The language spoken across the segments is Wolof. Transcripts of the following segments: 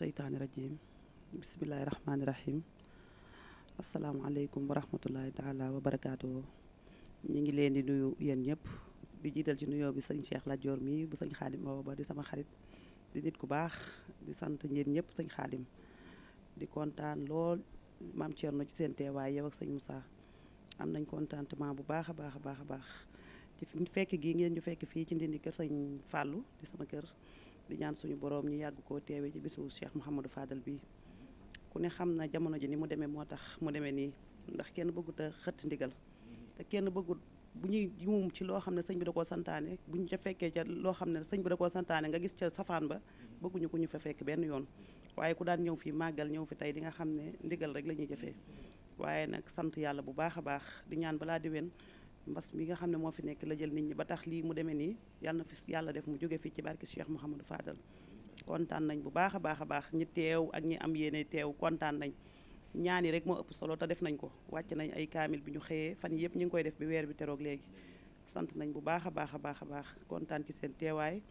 sheytaani rajim bisimilahi rahmaani rahim asalaamaaleykum wa rahmatullahi taala wa barakaatu ñu ngi leen di nuyu yéen ñëpp di jiital ci nuyoo bi sañ Cheikh lajoor mi bu sëñ xaadim awa ba di sama xarit di nit baax di sant yéen ñëpp sëñ xaadim di kontaan lool maam Thierno ci seen teewaay yow ak sëñ Moussa am nañ contentement bu baax a baax a baax a baax ci fekk gi ngeen ñu fekk fii ci di kër sëñ fàllu di sama kër di ñaan suñu boroom ñu yàgg koo teewee ci bisu Cheikh Mouhamadou Fadal bi ku ne xam na jamono ji ni mu demee moo tax mu demee nii ndax kenn bëggut a xëtt ndigal te kenn bëggut bu ñuy juum ci loo xam ne sëñ bi da koo santaane bu ñu ca fekkee ca loo xam ne sëñ bi koo santaane nga gis ca safaan ba bëgguñu ko ñu fa fekk benn yoon waaye ku daan ñëw fii màggal ñëw fi tey di nga xam ne ndigal rek la ñuy jëfee waaye nag sant yàlla bu baax a baax di ñaan balaa di wen mbas mi nga xam ne moo fi nekk la jël nit ñi ba tax lii mu demee nii yàlla yàlla def mu jóge fii ci barki Cheikh Mouhamadou Fadal kontaan nañ bu baax a baax a baax ñi teew ak ñi am yéene teew kontaan nañ ñaani rek moo ëpp solo te def nañ ko wàcc nañ ay kaamil bi ñu xëyee fan yëpp ñu ngi koy def bi weer bi teroog léegi sant nañ bu baax a baax a baax a baax kontaan ci seen teewaay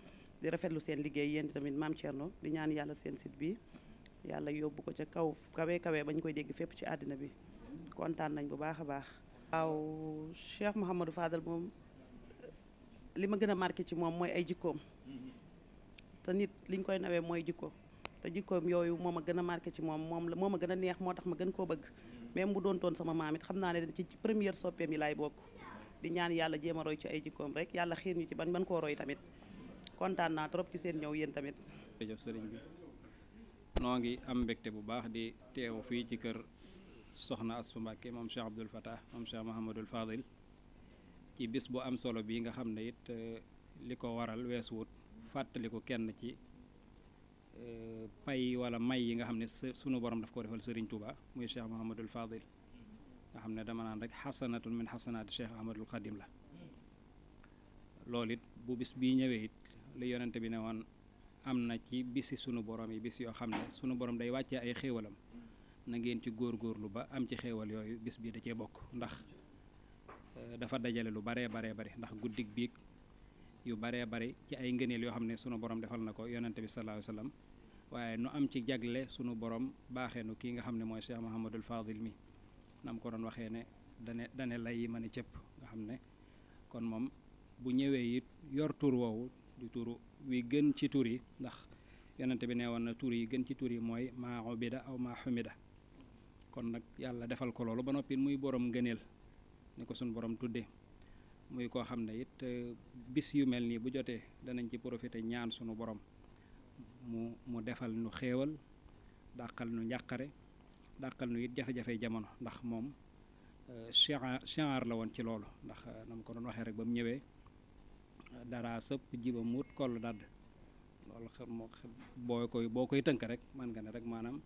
di rafetlu seen liggéey yéen tamit maam Thierno di ñaan yàlla seen sit bi yàlla yóbbu ko ca kaw kawe kawe ba ñu koy dégg fépp ci àddina bi kontaan nañ bu baax a baax waaw Cheikh Mouhamadou Fadal moom li ma gën a marqué ci moom mooy ay jikkoom te nit liñ koy nawee mooy jikko te jikkoom yooyu moom a gën a marqué ci moom moom la moom a gën a neex moo tax ma gën koo bëgg même bu doon toon sama maam it xam naa ne ci première soppeem yi laay bokk di ñaan yàlla jéem a roy ci ay jikkoom rek yàlla xiir ñu ci ban ban koo roy tamit kontaan naa trop ci seen ñëw yéen tamit. jërëjëf sëriñ bi noo ngi am mbegte bu baax di teew fii ci kër. soxna Astou moom Cheikh Abdoul Fatah moom Cheikh Mahamadul Fadil ci bis bu am solo bii nga xam ne it euh, li ko waral weesu wut fàttaliku kenn ci euh, pay wala may yi nga xam ne sunu borom daf ko defal sëriñ Touba muy Cheikh Mahamadul Fadil nga xam ne dama naan rek xasanatun min xasanaati Cheikh Ahmadul Xadim la loolu it bu bis bi ñëwee it li yonent bi ne woon am na ci bisi sunu boroom yi bis yoo xam ne sunu borom day wàccee ay xéewalam na ngeen ci góor góorgóorlu ba am ci xewal yooyu bis bii da cee bokk ndax eh, dafa dajale lu baree baree bari ndax guddig biig yu baree bari ci ay ngëneel yoo xam ne sunu borom defal na ko yonante bi sallallahu alayhi wasallam waaye nu am ci jagle sunu borom baaxee nu kii nga xam ne mooy Cheikh Mouhamadul Fadil mi nam ko doon waxee ne dane dane lay mën a cëpp nga xam ne kon moom bu ñëwee it yor tur woowu di turu wii gën ci tuur yi ndax yonante bi nee woon na tuur yi gën ci tur yi mooy maa obida aw maa kon nag yàlla defal ko loolu ba noppi muy borom ngëneel ni ko suñu boroom tuddee muy koo xam ne it euh, bis yu mel nii bu jotee danañ ci profité ñaan suñu borom mu mu defal nu xéewal dàqal nu njàqare dàqal nu it jafe-jafe jamono ndax moom euh, chaar la woon ci loolu ndax euh, na mu ko doon waxee rek ba mu ñëwee dara sëpp jiba muut koll dadd loolu xam boo koy boo koy tënk rek man nga ne rek maanaam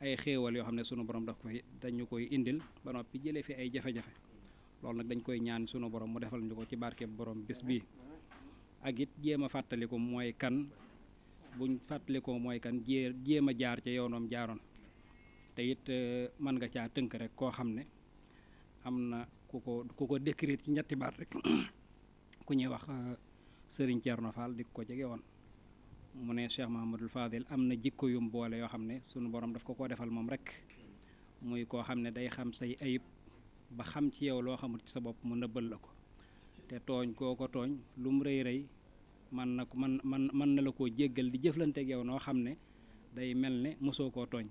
ay xéewal yoo xam ne sunu borom daf ko fi dañu koy indil ba noppi jëlee fi ay jafe-jafe loolu nag dañ koy ñaan sunu borom mu defal ñu ko ci barkeb borom bés bii ak it jéem a fàttaliku mooy kan buñ fàttalikoo mooy kan jé jéem a jaar ca yoonoom jaaroon te it euh, mën nga caa tënk rek koo xam ne am na ku ko ku ko décrire ci ñetti baat rek ku ñuy wax euh, Serigne Thierno Fall di ko jege woon. mu ne Cheikh Mahamadul Fadil am na jikko yum boole yoo xam ne sunu borom daf ko koo defal moom rek muy koo xam ne day xam say ayib ba xam ci yow loo xamul ci sa bopp mu nëbbal la ko te tooñ koo ko tooñ lu mu rëy rëy man na ko man man mën na la koo jéggal di jëflanteeg yow noo xam ne day mel ne mosoo koo tooñ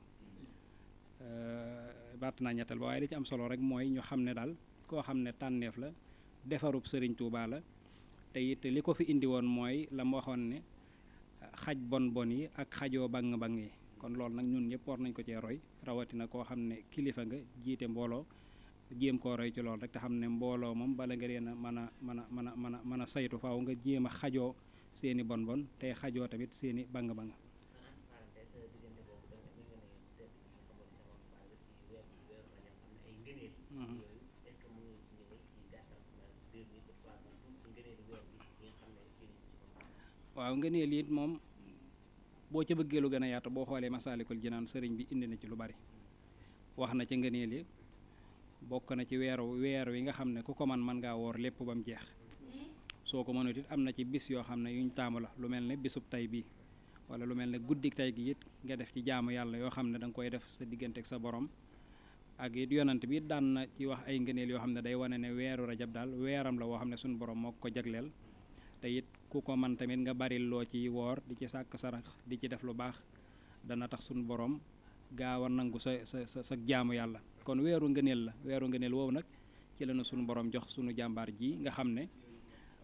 batt naa ñettal ba waaye li am solo rek mooy ñu xam ne daal koo xam ne tànneef la defarub Sëriñ Tuubaa la te li ko fi indi woon mooy la mu waxoon ne xaj bon bon yi ak xajoo ban ban yi kon loolu nag ñun ñëpp war nañ ko cee roy rawatina koo xam ne kilifa nga jiite mbooloo jéem koo roy ci loolu rek te xam ne mbooloo moom bala nga leen a mën a mën a mën a mën a mën a saytu faaw nga jéem a xajoo seeni bon bon tey xajoo tamit seeni ban bang mm-hmm. waaw ngëneel it moom boo ca bëggee lu gën a yaatu boo xoolee masaalikul jinaan sëriñ bi indi na ci lu bari wax na ca ngëneel yi bokk na ci weeru weer wi nga xam ne ku ko man mën ngaa woor lépp ba mu jeex soo ko mënut it am na ci bis yoo xam ne yuñ taamu la lu mel ne bisub tey bii wala lu mel ne guddi tey gi it nga def ci jaamu yàlla yoo xam ne da nga koy def sa diggante ak sa borom ak it yonant bi daan na ci wax ay ngëneel yoo xam ne day wane ne weeru rajab daal weeram la woo xam ne suñu borom moo ko jagleel ku ko man tamit nga bari loo ci woor di ci sàkk sarax di ci def lu baax dana tax suñu borom gaaw nangu sa sa sa jaamu yàlla kon weeru ngëneel la weeru ngëneel woowu nag ci la na suñu borom jox suñu jàmbaar ji nga xam ne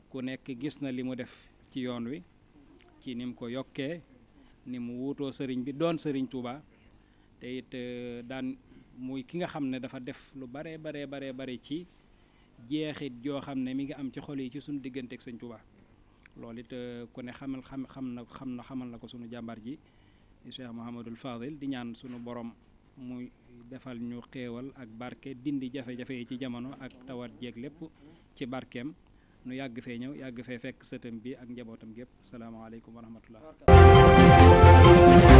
ku nekk gis na li mu def ci yoon wi ci ni mu ko yokkee ni mu wuutoo sëriñ bi doon sëriñ Touba te it euh, daan muy ki nga xam ne dafa def lu baree baree baree bari ci jeexit joo xam ne mi ngi am ci xol yi ci suñu digganteeg sëñ Touba. loolu it eh, ku ne xamal xam xam na xam na xamal na ko sunu jàmbaar ji Cheikh Mouhamadul Fadil di ñaan sunu borom muy defal ñu xéewal ak barke dindi jafe-jafe yi ci jamono ak tawat jeeg lépp ci barkeem nu yàgg fee ñëw yàgg fee fekk sëtam bi ak njabootam gépp salaamaaleykum wa rahmatullah